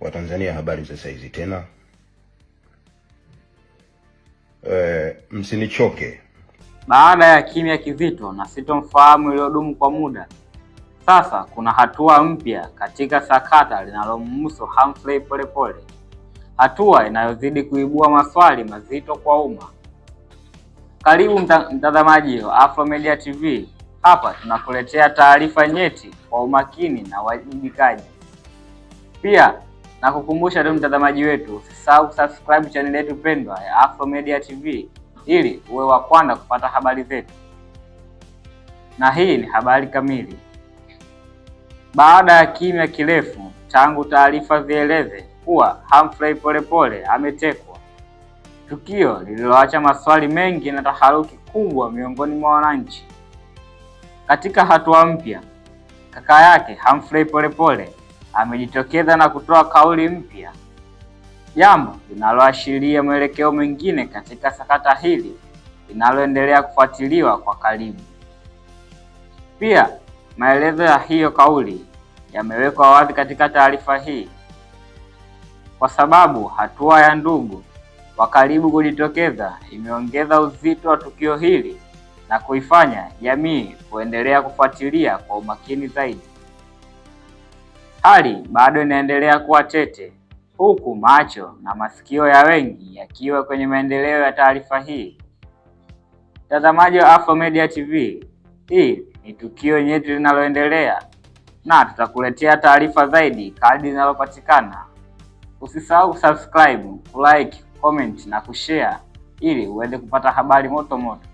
Watanzania, habari za saizi tena. E, msinichoke. Baada ya kimya kizito na sitomfahamu iliyodumu kwa muda, sasa kuna hatua mpya katika sakata linalomhusu Humphrey Polepole, hatua inayozidi kuibua maswali mazito kwa umma. Karibu mtazamaji wa Afro Media TV. Hapa tunakuletea taarifa nyeti kwa umakini na wajibikaji Pia na kukumbusha tu mtazamaji wetu, usisahau kusubscribe channel yetu pendwa ya Afro Media TV ili uwe wa kwanza kupata habari zetu, na hii ni habari kamili. Baada ya kimya kirefu tangu taarifa zieleze kuwa Humphrey Polepole ametekwa, tukio lililoacha maswali mengi na taharuki kubwa miongoni mwa wananchi. Katika hatua mpya, kaka yake Humphrey Polepole amejitokeza na kutoa kauli mpya, jambo linaloashiria mwelekeo mwingine katika sakata hili linaloendelea kufuatiliwa kwa karibu. Pia maelezo ya hiyo kauli yamewekwa wazi katika taarifa hii, kwa sababu hatua ya ndugu wa karibu kujitokeza imeongeza uzito wa tukio hili na kuifanya jamii kuendelea kufuatilia kwa umakini zaidi. Hali bado inaendelea kuwa tete huku macho na masikio ya wengi yakiwa kwenye maendeleo ya taarifa hii. Mtazamaji wa Afro Media TV, hii ni tukio nyeti linaloendelea na tutakuletea taarifa zaidi kadri zinazopatikana Usisahau kusubscribe, like, comment na kushare ili uweze kupata habari moto moto.